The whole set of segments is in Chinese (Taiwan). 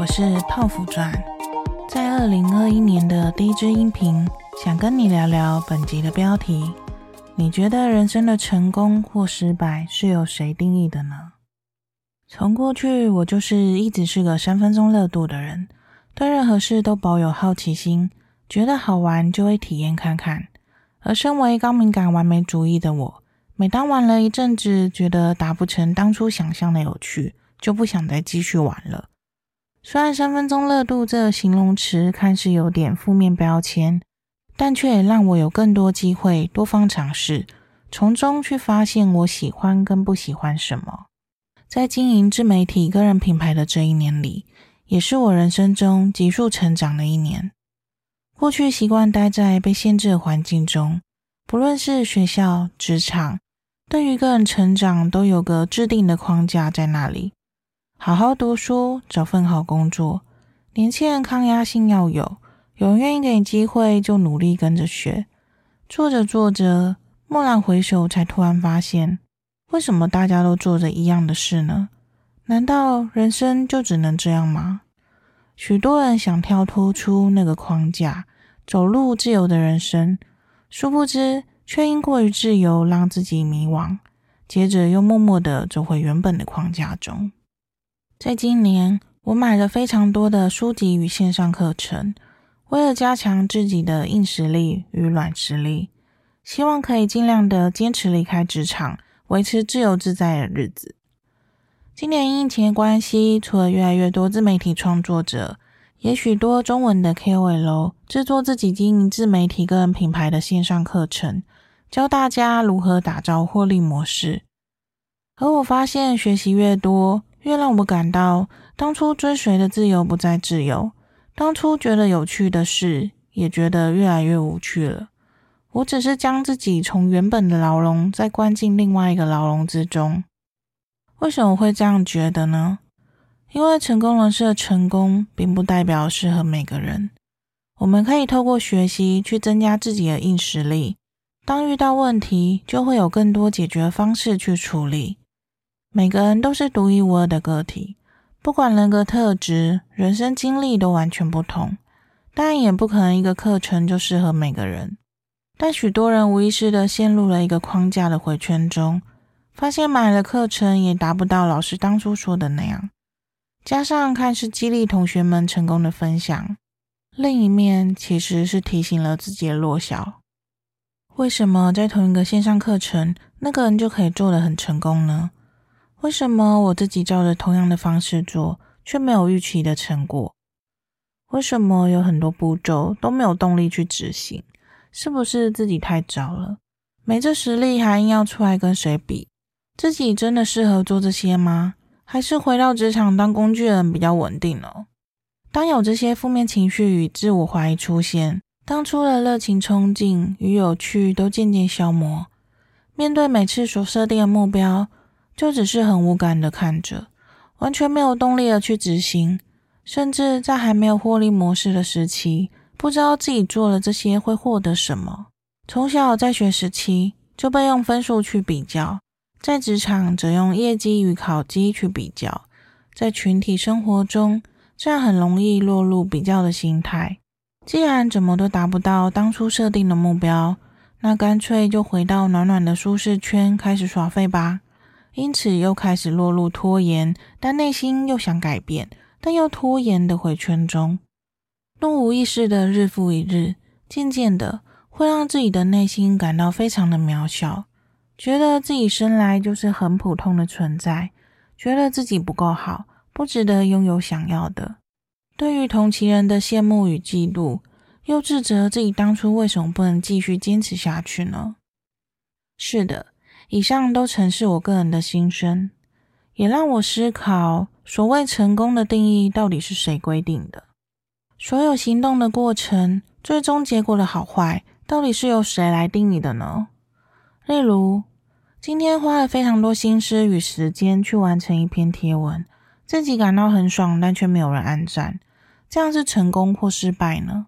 我是泡芙鑽，在二零二一年的第一支音頻，想跟你聊聊本集的標題。你覺得人生的成功或失敗是由誰定義的呢？從過去，我就是一直是個三分鐘熱度的人，對任何事都保有好奇心，覺得好玩就會體驗看看。而身為高敏感完美主義的我，每當玩了一陣子，覺得達不成當初想象的有趣，就不想再繼續玩了。雖然“三分鐘熱度”這個形容詞看似有點負面標籤，但卻也讓我有更多機會多方嘗試，從中去發現我喜歡跟不喜歡什麼。在經營自媒體個人品牌的這一年裡，也是我人生中急速成長的一年。過去習慣待在被限制的環境中，不論是學校、職場，對於個人成長都有個制定的框架在那裡。好好讀書，找份好工作。年輕人抗壓性要有，有人願意給你機會，就努力跟着學。做着做着，驀然回首，才突然發現，為什麼大家都做着一樣的事呢？難道人生就只能這樣嗎？許多人想跳脫出那個框架，走路自由的人生，殊不知卻因過於自由，讓自己迷惘，接着又默默的走回原本的框架中。在今年，我買了非常多的書籍與線上課程，為了加強自己的硬實力與軟實力，希望可以盡量的堅持離開職場，維持自由自在的日子。今年因疫情關係，除了越來越多自媒體創作者，也許多中文的 KOL 製作自己經營自媒體個人品牌的線上課程，教大家如何打造獲利模式。而我發現，學習越多。越讓我感到，當初追隨的自由不再自由；當初覺得有趣的事，也覺得越來越無趣了。我只是將自己從原本的牢籠，再關進另外一個牢籠之中。為什麼會這樣覺得呢？因為成功人士的成功，並不代表適合每個人。我們可以透過學習去增加自己的硬實力，當遇到問題，就會有更多解決方式去處理。每個人都是獨一無二的個體，不管人格特質、人生經歷都完全不同。當然，也不可能一個課程就適合每個人。但許多人無意識地陷入了一個框架的回圈中，發現買了課程也達不到老師當初說的那樣。加上看似激勵同學們成功的分享，另一面其實是提醒了自己的弱小：為什麼在同一個線上課程，那個人就可以做得很成功呢？為什麼我自己照着同樣的方式做，卻沒有預期的成果？為什麼有很多步驟都沒有動力去執行？是不是自己太糟了？沒這實力還硬要出來跟誰比？自己真的適合做這些嗎？還是回到職場當工具人比較穩定呢？哦？當有這些負面情緒與自我懷疑出現，當初的熱情衝勁與有趣都漸漸消磨。面對每次所設定的目標，就只是很無感的看着，完全沒有動力的去執行，甚至在還沒有獲利模式的時期，不知道自己做了這些會獲得什麼。從小在學時期就被用分數去比較，在職場則用業績與考績去比較，在群體生活中，這樣很容易落入比較的心態。既然怎麼都達不到當初設定的目標，那乾脆就回到暖暖的舒適圈，開始耍廢吧。因此，又開始落入拖延，但內心又想改變，但又拖延的迴圈中，若無意識的日復一日，漸漸的會讓自己的內心感到非常的渺小，覺得自己生來就是很普通的存在，覺得自己不夠好，不值得擁有想要的。對於同齡人的羨慕與嫉妒，又自責自己當初為什麼不能繼續堅持下去呢？是的。以上都曾是我個人的心聲，也讓我思考：所謂成功的定義到底是誰規定的？所有行動的過程、最終結果的好壞，到底是由誰來定義的呢？例如，今天花了非常多心思與時間去完成一篇貼文，自己感到很爽，但卻沒有人按讚，這樣是成功或失敗呢？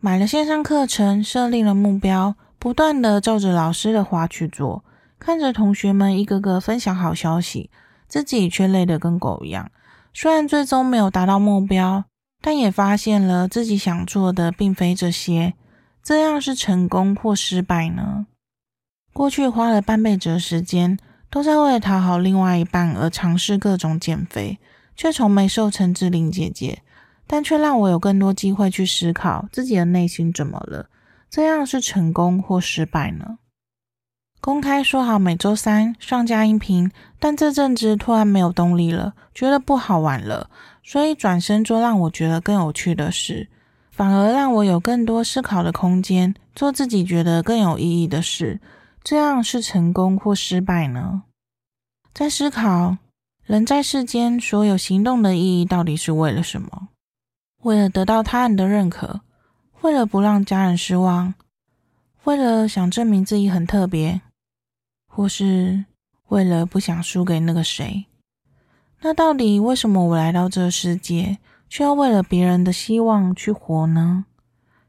買了線上課程，設立了目標，不斷的照着老師的話去做。看着同學們一個個分享好消息，自己卻累得跟狗一樣。雖然最終沒有達到目標，但也發現了自己想做的並非這些。這樣是成功或失敗呢？過去花了半輩子的時間，都在為了討好另外一半而嘗試各種減肥，卻從沒瘦成志玲姐姐。但卻讓我有更多機會去思考自己的內心怎麼了。這樣是成功或失敗呢？公開說好每周三上架音頻，但這陣子突然沒有動力了，覺得不好玩了，所以轉身做讓我覺得更有趣的事，反而讓我有更多思考的空間，做自己覺得更有意義的事。這樣是成功或失敗呢？在思考，人在世間所有行動的意義到底是為了什麼？為了得到他人的認可？為了不讓家人失望？為了想證明自己很特別？或是為了不想輸給那個誰？那到底為什麼我來到這個世界，卻要為了別人的希望去活呢？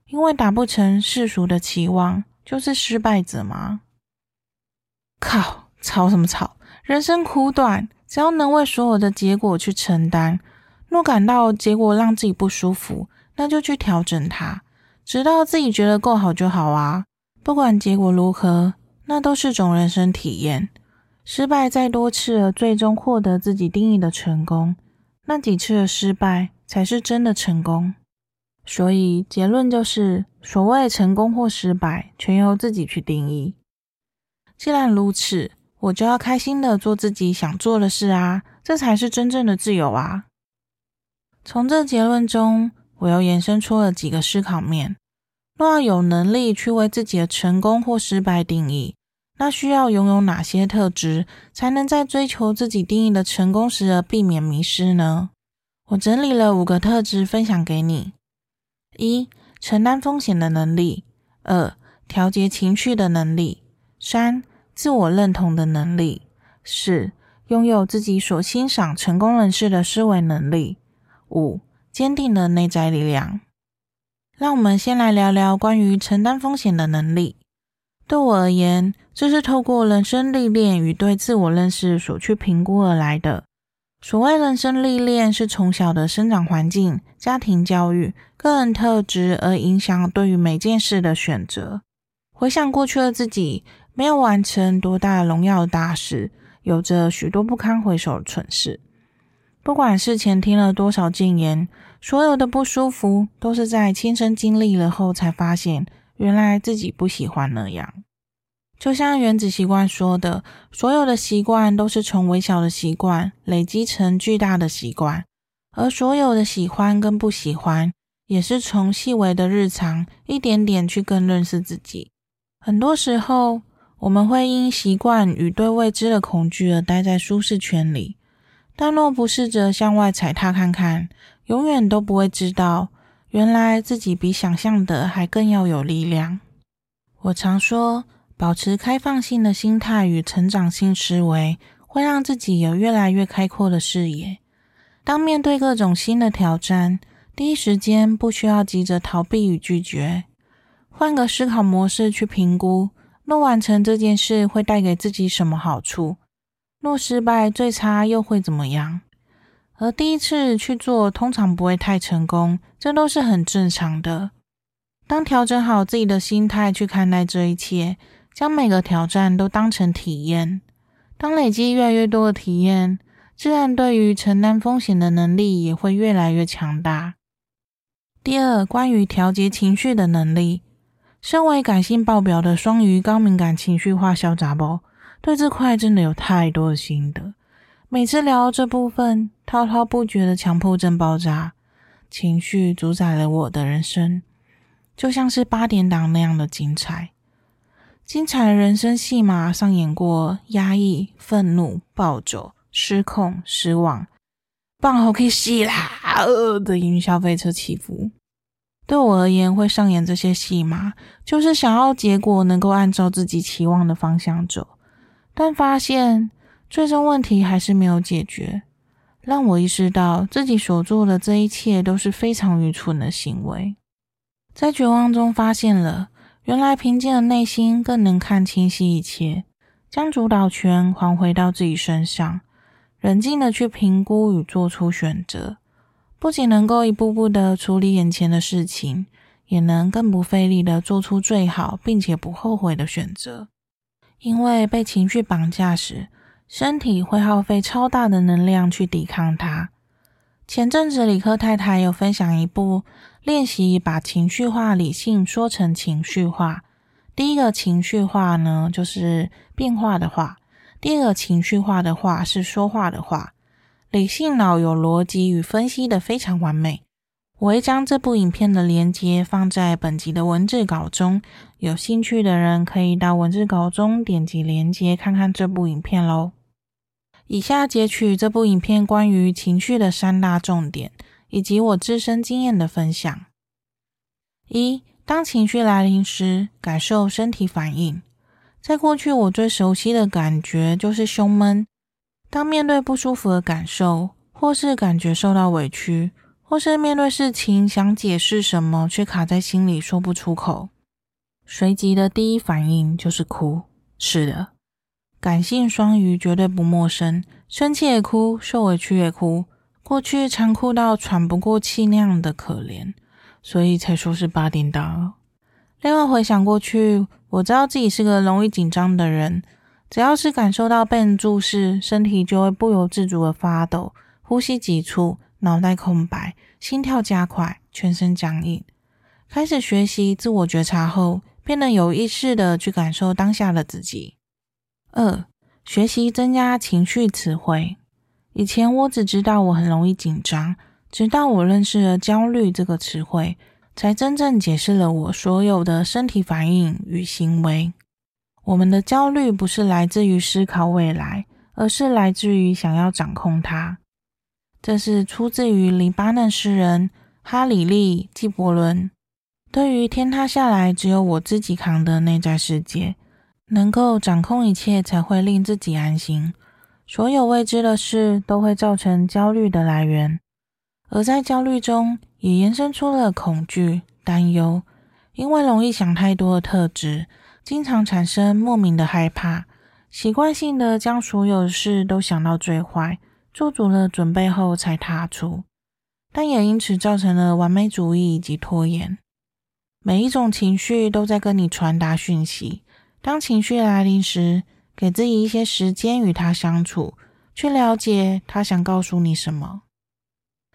因為達不成世俗的期望，就是失敗者嗎？靠！吵什麼吵？人生苦短，只要能為所有的結果去承擔。若感到結果讓自己不舒服，那就去調整它，直到自己覺得夠好就好啊！不管結果如何。那都是種人生體驗，失敗再多次，而最終獲得自己定義的成功，那幾次的失敗才是真的成功。所以結論就是，所謂成功或失敗，全由自己去定義。既然如此，我就要開心的做自己想做的事啊，這才是真正的自由啊！從這結論中，我又延伸出了幾個思考面。若要有能力去為自己的成功或失敗定義，那需要擁有哪些特質，才能在追求自己定義的成功時而避免迷失呢？我整理了五個特質分享給你：一、承擔風險的能力；二、調節情緒的能力；三、自我認同的能力；四、擁有自己所欣賞成功人士的思維能力；五、堅定的內在力量。讓我們先來聊聊關於承擔風險的能力。對我而言，這是透過人生歷練與對自我認識所去評估而來的。所謂人生歷練，是從小的生長環境、家庭教育、個人特質而影響對於每件事的選擇。回想過去的自己，沒有完成多大的榮耀的大事，有着許多不堪回首的蠢事。不管事前聽了多少諫言。所有的不舒服都是在親身經歷了後，才發現原來自己不喜歡那樣。就像原子習慣說的，所有的習慣都是從微小的習慣累積成巨大的習慣，而所有的喜歡跟不喜歡，也是從細微的日常一點點去更認識自己。很多時候，我們會因習慣與對未知的恐懼而待在舒適圈裡。但若不試着向外踩踏看看，永遠都不會知道，原來自己比想象的還更要有力量。我常說，保持開放性的心態與成長性思維，會讓自己有越來越開闊的視野。當面對各種新的挑戰，第一時間不需要急着逃避與拒絕，換個思考模式去評估，若完成這件事會帶給自己什麼好處。若失敗，最差又會怎麼樣？而第一次去做，通常不會太成功，這都是很正常的。當調整好自己的心態去看待這一切，將每個挑戰都當成體驗，當累積越來越多的體驗，自然對於承擔風險的能力也會越來越強大。第二，關於調節情緒的能力，身為感性爆表的雙魚高敏感情緒化小雜包。對這塊真的有太多的心得，每次聊到這部分，滔滔不絕的強迫症爆炸，情緒主宰了我的人生，就像是八點檔那樣的精彩，精彩的人生戲碼上演過壓抑、憤怒、暴走、失控、失望、棒好可以洗啦、呃、的雲霄飛車起伏。對我而言，會上演這些戲碼，就是想要結果能夠按照自己期望的方向走。但發現最終問題還是沒有解決，讓我意識到自己所做的這一切都是非常愚蠢的行為。在絕望中發現了，原來平靜的內心更能看清晰一切，將主導權還回到自己身上，冷靜的去評估與做出選擇，不僅能夠一步步的處理眼前的事情，也能更不費力的做出最好並且不後悔的選擇。因為被情緒綁架時，身體會耗費超大的能量去抵抗它。前陣子理科太太有分享一部練習，把情緒化理性說成情緒化。第一個情緒化呢，就是變化的話；第二個情緒化的話是說話的話。理性腦有邏輯與分析得非常完美。我會將這部影片的連結放在本集的文字稿中，有興趣的人可以到文字稿中點擊連結看看這部影片嘍。以下截取這部影片關於情緒的三大重點，以及我自身經驗的分享。一，當情緒來臨時，感受身體反應。在過去，我最熟悉的感覺就是胸悶。當面對不舒服的感受，或是感覺受到委屈，或是面對事情想解釋什麼，卻卡在心裡說不出口，隨即的第一反應就是哭。是的，感性雙魚絕對不陌生，生氣也哭，受委屈也哭，過去常哭到喘不過氣那樣的可憐，所以才說是八點大了。另外回想過去，我知道自己是個容易緊張的人，只要是感受到被人注視，身體就會不由自主的發抖，呼吸急促。腦袋空白，心跳加快，全身僵硬。開始學習自我覺察後，變得有意識地去感受當下的自己。二、學習增加情緒詞彙。以前我只知道我很容易緊張，直到我認識了“焦慮”這個詞彙，才真正解釋了我所有的身體反應與行為。我們的焦慮不是來自於思考未來，而是來自於想要掌控它。這是出自於黎巴嫩詩人哈里利·紀伯倫對於“天塌下來只有我自己扛”的內在世界，能夠掌控一切才會令自己安心。所有未知的事都會造成焦慮的來源，而在焦慮中也延伸出了恐懼、擔憂，因為容易想太多的特質，經常產生莫名的害怕，習慣性的將所有的事都想到最壞。做足了準備後才踏出，但也因此造成了完美主義以及拖延。每一種情緒都在跟你傳達訊息。當情緒來臨時，給自己一些時間與他相處，去了解他想告訴你什麼。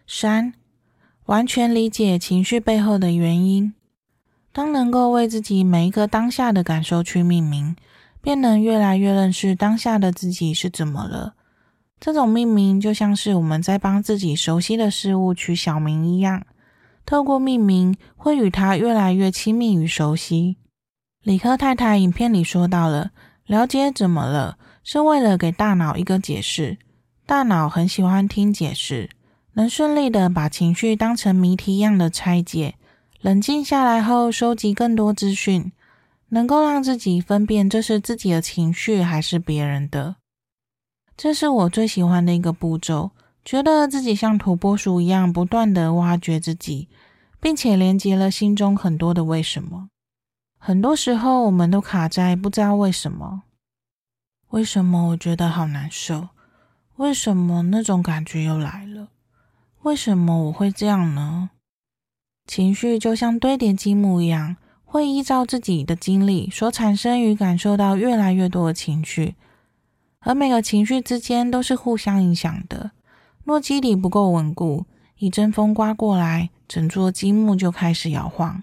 三，完全理解情緒背後的原因。當能夠為自己每一個當下的感受去命名，便能越來越認識當下的自己是怎麼了。這種命名就像是我們在幫自己熟悉的事物取小名一樣，透過命名會與它越來越親密與熟悉。理科太太影片裡說到了，了解怎麼了是為了給大腦一個解釋，大腦很喜歡聽解釋，能順利的把情緒當成謎題一樣的拆解，冷靜下來後收集更多資訊，能夠讓自己分辨這是自己的情緒還是別人的。這是我最喜歡的一個步驟，覺得自己像土撥鼠一樣，不斷地挖掘自己，並且連接了心中很多的為什麼。很多時候，我們都卡在不知道為什麼，為什麼我覺得好難受，為什麼那種感覺又來了，為什麼我會這樣呢？情緒就像堆疊積木一樣，會依照自己的經歷所產生與感受到越來越多的情緒。而每個情緒之間都是互相影響的。若基底不夠穩固，一陣風刮過來，整座積木就開始搖晃。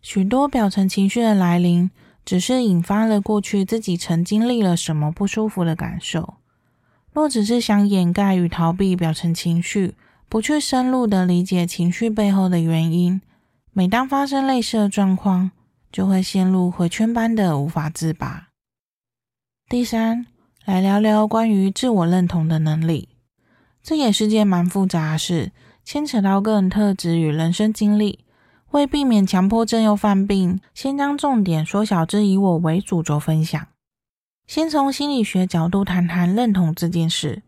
許多表層情緒的來臨，只是引發了過去自己曾經歷了什麼不舒服的感受。若只是想掩蓋與逃避表層情緒，不去深入地理解情緒背後的原因，每當發生類似的狀況，就會陷入回圈般的無法自拔。第三，來聊聊關於自我認同的能力，這也是件蠻複雜的事，牽扯到個人特質與人生經歷。為避免強迫症又犯病，先將重點縮小至以我為主軸分享。先從心理學角度談談認同這件事。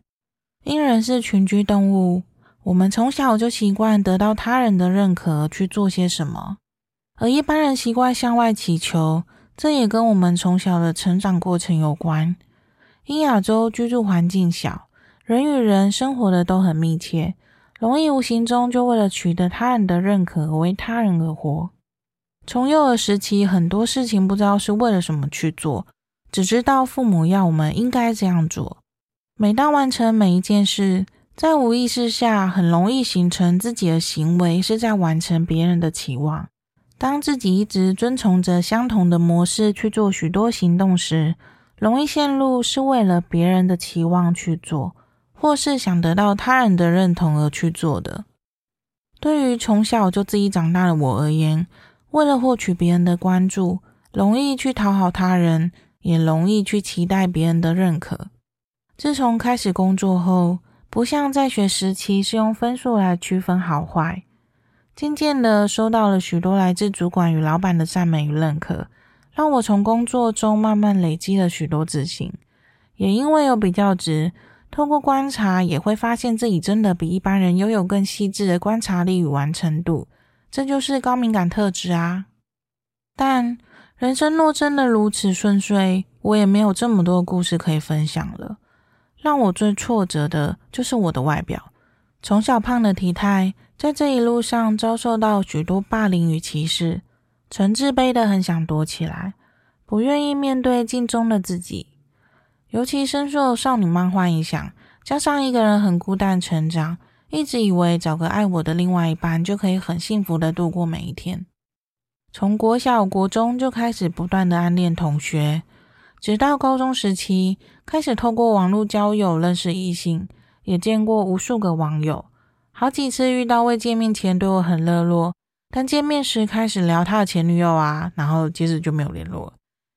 因人是群居動物，我們從小就習慣得到他人的認可去做些什麼，而一般人習慣向外祈求，這也跟我們從小的成長過程有關。因亞洲居住環境小，人與人生活的都很密切，容易無形中就為了取得他人的認可而為他人而活。從幼兒時期，很多事情不知道是為了什麼去做，只知道父母要我們應該這樣做。每當完成每一件事，在無意識下很容易形成自己的行為是在完成別人的期望。當自己一直遵從着相同的模式去做許多行動時，容易陷入是為了別人的期望去做，或是想得到他人的認同而去做的。對於從小就自己長大的我而言，為了獲取別人的關注，容易去討好他人，也容易去期待別人的認可。自從開始工作後，不像在學時期是用分數來區分好壞，漸漸的收到了許多來自主管與老板的讚美與認可。當我從工作中慢慢累積了許多自信，也因為有比較值，透過觀察也會發現自己真的比一般人擁有更細緻的觀察力與完成度，這就是高敏感特質啊！但人生若真的如此順遂，我也沒有這麼多故事可以分享了。讓我最挫折的就是我的外表，從小胖的體態，在這一路上遭受到許多霸凌與歧視。曾自卑的，很想躲起來，不願意面對鏡中的自己。尤其深受少女漫畫影響，加上一個人很孤單成長，一直以為找個愛我的另外一半，就可以很幸福的度過每一天。從國小、國中就開始不斷的暗戀同學，直到高中時期開始透過網絡交友認識異性，也見過無數個網友，好幾次遇到未見面前對我很熱絡。但見面時開始聊他的前女友啊，然後接着就沒有聯絡。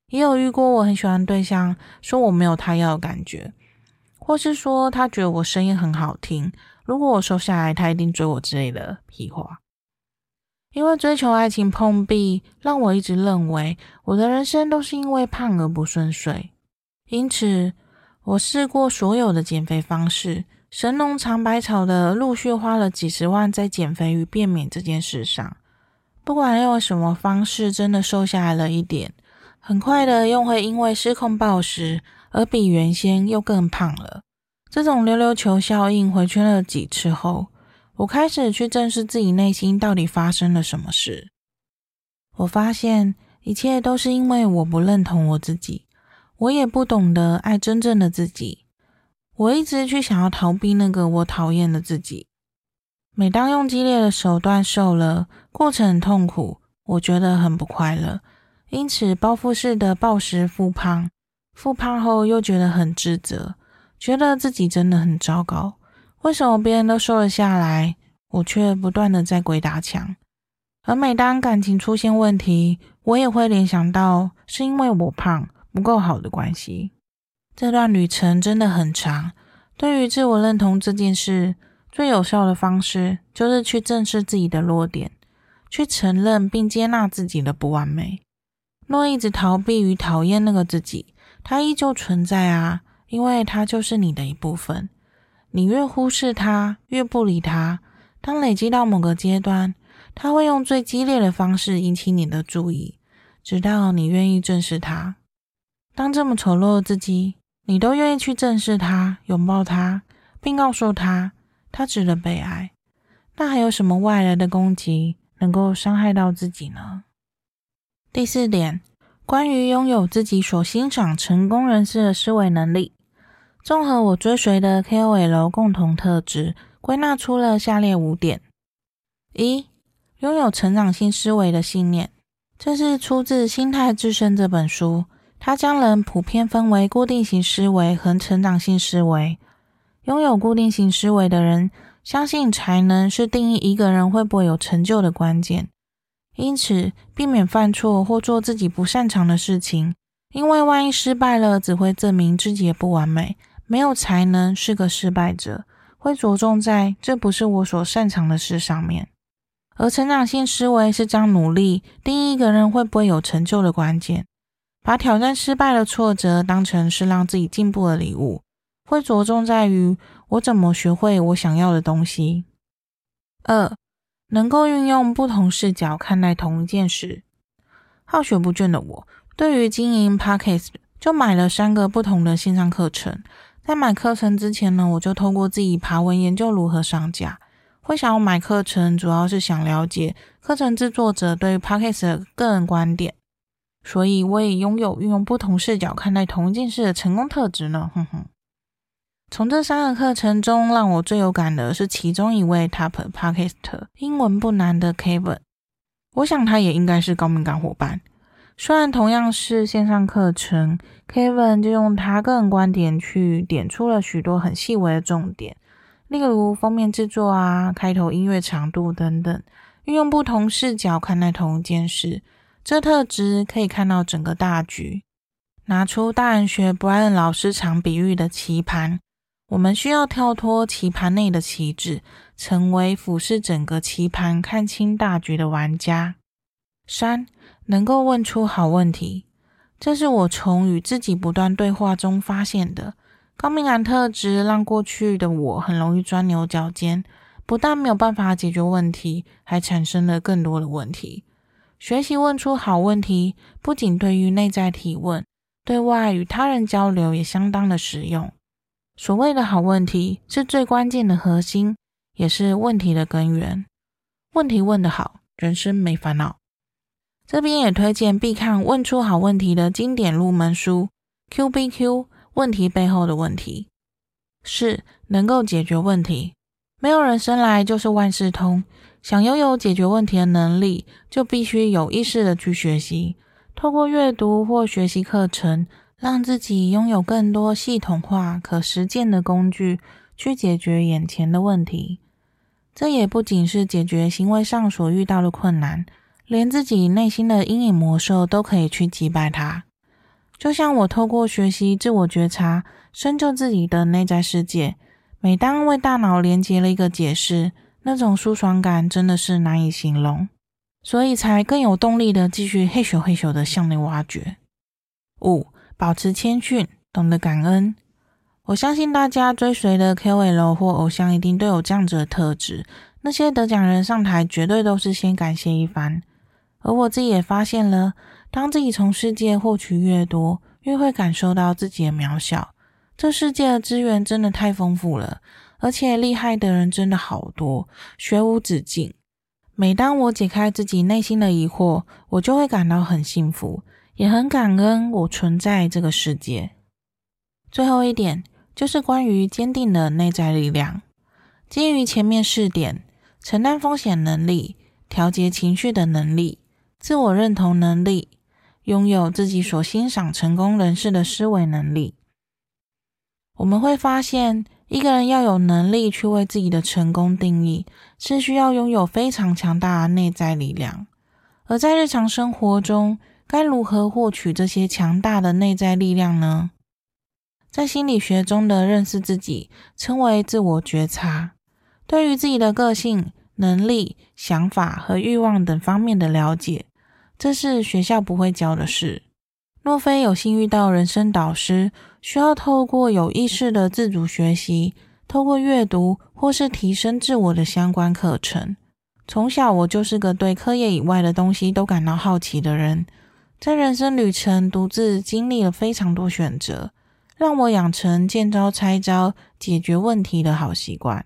也有遇過我很喜歡對象，說我沒有他要的感覺，或是說他覺得我聲音很好聽，如果我瘦下來，他一定追我之類的屁話。因為追求愛情碰壁，讓我一直認為我的人生都是因為胖而不順遂。因此，我試過所有的減肥方式，神農嘗百草的，陸續花了幾十萬在減肥與變美這件事上。不管用什麼方式，真的瘦下來了一點，很快的又會因為失控暴食而比原先又更胖了。這種溜溜球效應，回圈了幾次後，我開始去正視自己內心到底發生了什麼事。我發現，一切都是因為我不認同我自己，我也不懂得愛真正的自己。我一直去想要逃避那個我討厭的自己。每當用激烈的手段瘦了，過程痛苦，我覺得很不快樂。因此，報復式的暴食復胖，復胖後又覺得很自責，覺得自己真的很糟糕。為什麼別人都瘦了下來，我卻不斷的在鬼打牆？而每當感情出現問題，我也會聯想到是因為我胖不夠好的關係。這段旅程真的很長，對於自我認同這件事。最有效的方式就是去正視自己的弱點，去承認並接納自己的不完美。若一直逃避與討厭那個自己，它依舊存在啊，因為它就是你的一部分。你越忽視它，越不理它，當累積到某個階段，它會用最激烈的方式引起你的注意，直到你願意正視它。當這麼醜陋的自己，你都願意去正視它、擁抱它，並告訴它，他值得被愛，那還有什麼外來的攻擊能夠傷害到自己呢？第四點，關於擁有自己所欣賞成功人士的思維能力，綜合我追隨的 KOL 共同特質，歸納出了下列五點：一、擁有成長性思維的信念，這是出自《心態致勝》這本書，它將人普遍分為固定型思維和成長性思維。擁有固定型思維的人，相信才能是定義一個人會不會有成就的關鍵，因此避免犯錯或做自己不擅長的事情，因為萬一失敗了，只會證明自己也不完美。沒有才能是個失敗者，會着重在這不是我所擅長的事上面。而成長性思維是將努力定義一個人會不會有成就的關鍵，把挑戰失敗的挫折當成是讓自己進步的禮物。會着重在於我怎麼學會我想要的東西。二，能夠運用不同視角看待同一件事。好學不倦的我，對於經營 Podcast 就買了三個不同的線上課程。在買課程之前呢，我就透過自己爬文研究如何上架。會想要買課程，主要是想了解課程制作者對於 Podcast 的個人觀點。所以，我也擁有運用不同視角看待同一件事的成功特質呢。哼哼。從這三個課程中，讓我最有感的是其中一位 Top Podcaster、英文不難的 Kevin，我想他也應該是高敏感夥伴。雖然同樣是線上課程，Kevin 就用他個人觀點去點出了許多很細微的重點，例如封面製作啊、開頭音樂長度等等。運用不同視角看待同一件事，這特質可以看到整個大局。拿出大人學 Brian 老師常比喻的棋盤。我們需要跳脫棋盤內的棋子，成為俯視整個棋盤、看清大局的玩家。三，能夠問出好問題。這是我從與自己不斷對話中發現的。高敏感特質讓過去的我很容易鑽牛角尖，不但沒有辦法解決問題，還產生了更多的問題。學習問出好問題，不僅對於內在提問，對外與他人交流也相當的實用。所謂的好問題，是最關鍵的核心，也是問題的根源。問題問得好，人生沒煩惱。這邊也推薦必看問出好問題的經典入門書《Q B Q 問題背後的問題》。四、能夠解決問題，沒有人生來就是萬事通。想擁有解決問題的能力，就必須有意識的去學習，透過閱讀或學習課程。讓自己擁有更多系統化、可實踐的工具，去解決眼前的問題。這也不僅是解決行為上所遇到的困難，連自己內心的陰影魔獸都可以去擊敗它。就像我透過學習自我覺察，深究自己的內在世界，每當為大腦連接了一個解釋，那種舒爽感真的是難以形容，所以才更有動力的繼續嘿咻嘿咻的向內挖掘。五。保持謙遜，懂得感恩。我相信大家追隨的 KOL 或偶像，一定都有這樣子的特質。那些得獎人上台，絕對都是先感謝一番。而我自己也發現了，當自己從世界獲取越多，越會感受到自己的渺小。這世界的資源真的太豐富了，而且厲害的人真的好多，學無止境。每當我解開自己內心的疑惑，我就會感到很幸福。也很感恩我存在這個世界。最後一點就是關於堅定的內在力量。基於前面四點，承擔風險能力、調節情緒的能力、自我認同能力、擁有自己所欣賞成功人士的思維能力，我們會發現，一個人要有能力去為自己的成功定義，是需要擁有非常強大的內在力量。而在日常生活中，該如何獲取這些強大的內在力量呢？在心理學中的認識自己稱為自我覺察，對於自己的個性、能力、想法和欲望等方面的了解，這是學校不會教的事。若非有幸遇到人生導師，需要透過有意識的自主學習，透過閱讀或是提升自我的相關課程。從小，我就是個對課業以外的東西都感到好奇的人。在人生旅程，獨自經歷了非常多選擇，讓我養成見招拆招解決問題的好習慣。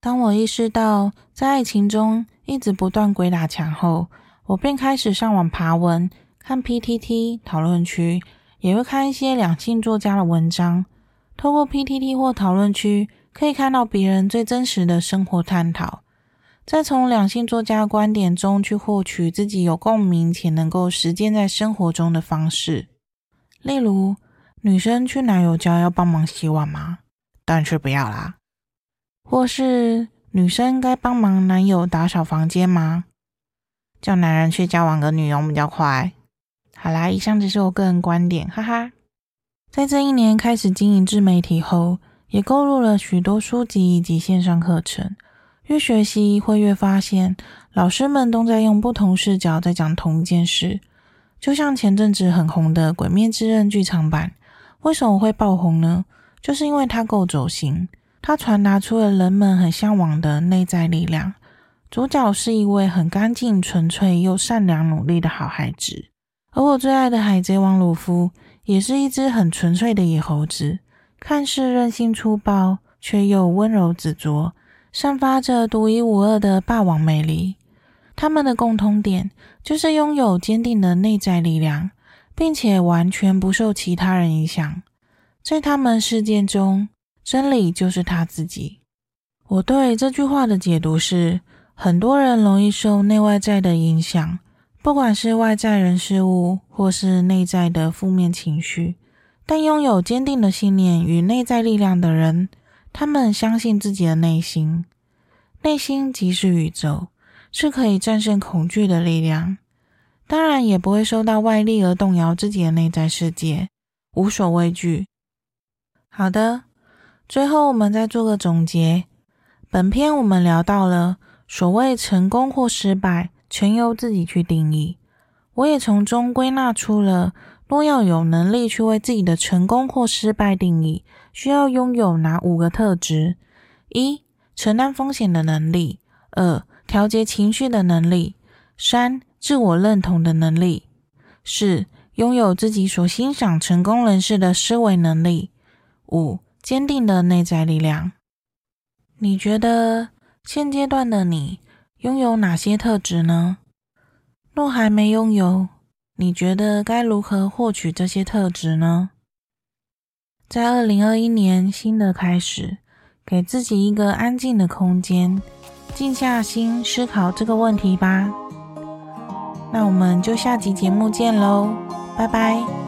當我意識到在愛情中一直不斷鬼打牆後，我便開始上網爬文，看 PTT 討論區，也會看一些兩性作家的文章。透過 PTT 或討論區，可以看到別人最真實的生活探討。再從兩性作家觀點中去獲取自己有共鳴且能夠實踐在生活中的方式，例如：女生去男友家要幫忙洗碗嗎？當然是不要啦。或是女生該幫忙男友打掃房間嗎？叫男人去交往個女傭比較快。好啦，以上只是我個人觀點，哈哈。在這一年開始經營自媒體後，也購入了許多書籍以及線上課程。越學習，會越發現，老師們都在用不同視角在講同一件事。就像前陣子很紅的《鬼滅之刃》劇場版，為什麼會爆紅呢？就是因為它夠走心，它傳達出了人們很向往的內在力量。主角是一位很乾淨、純粹又善良、努力的好孩子。而我最愛的《海賊王》魯夫，也是一隻很純粹的野猴子，看似任性粗暴，卻又溫柔執着。散發着獨一無二的霸王魅力。他們的共通點就是擁有堅定的內在力量，並且完全不受其他人影響。在他們世界中，真理就是他自己。我對這句話的解讀是：很多人容易受內外在的影響，不管是外在人事物，或是內在的負面情緒。但擁有堅定的信念與內在力量的人。他們相信自己的內心，內心即是宇宙，是可以戰勝恐懼的力量。當然，也不會受到外力而動搖自己的內在世界，無所畏懼。好的，最後我們再做個總結。本篇我們聊到了所謂成功或失敗，全由自己去定義。我也從中歸納出了。若要有能力去為自己的成功或失敗定義，需要擁有哪五個特質？一、承擔風險的能力；二、調節情緒的能力；三、自我認同的能力；四、擁有自己所欣賞成功人士的思維能力；五、堅定的內在力量。你覺得現階段的你擁有哪些特質呢？若還沒擁有，你覺得該如何獲取這些特質呢？在二零二一年新的開始，給自己一個安靜的空間，靜下心思考這個問題吧。那我們就下集節目見嘍，拜拜。